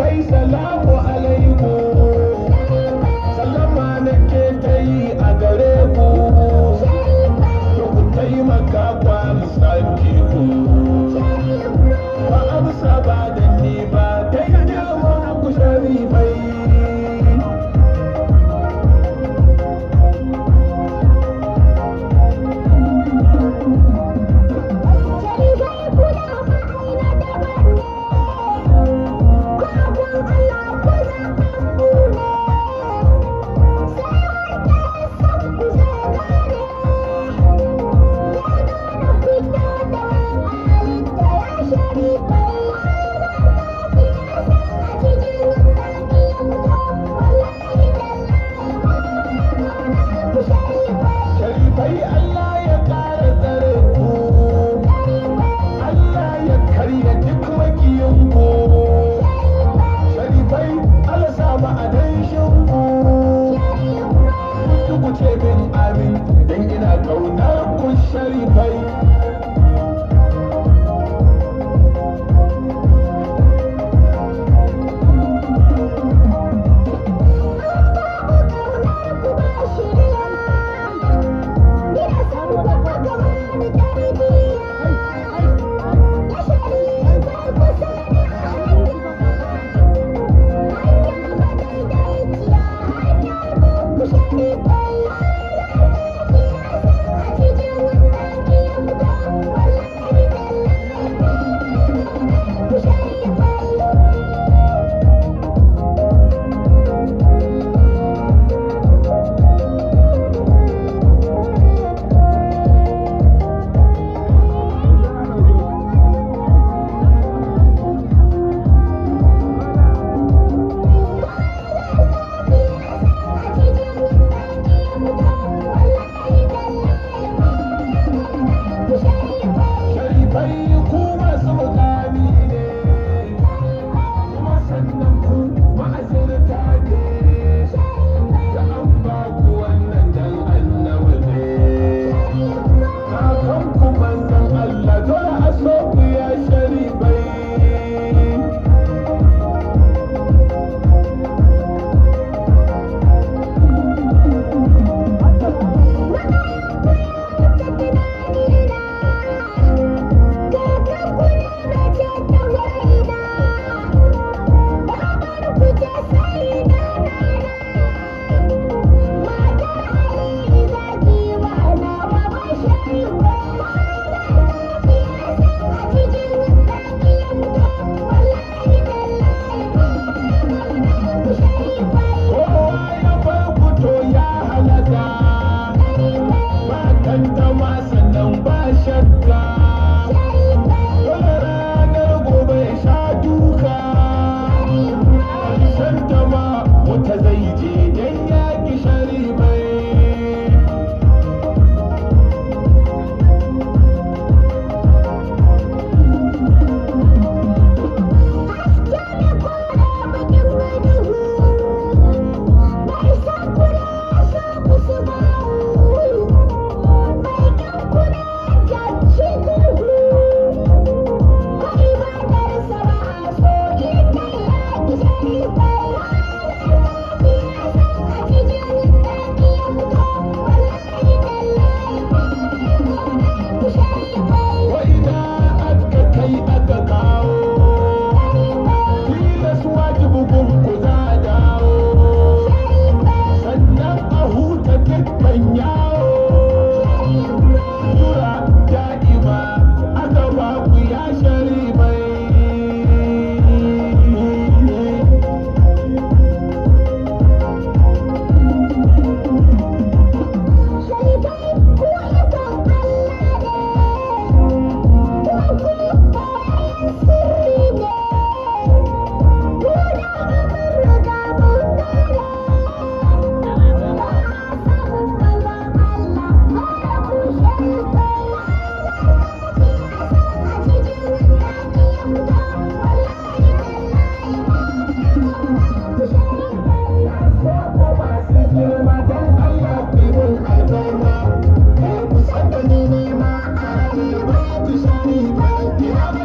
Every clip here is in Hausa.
kai salamu alaikum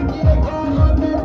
Thank you.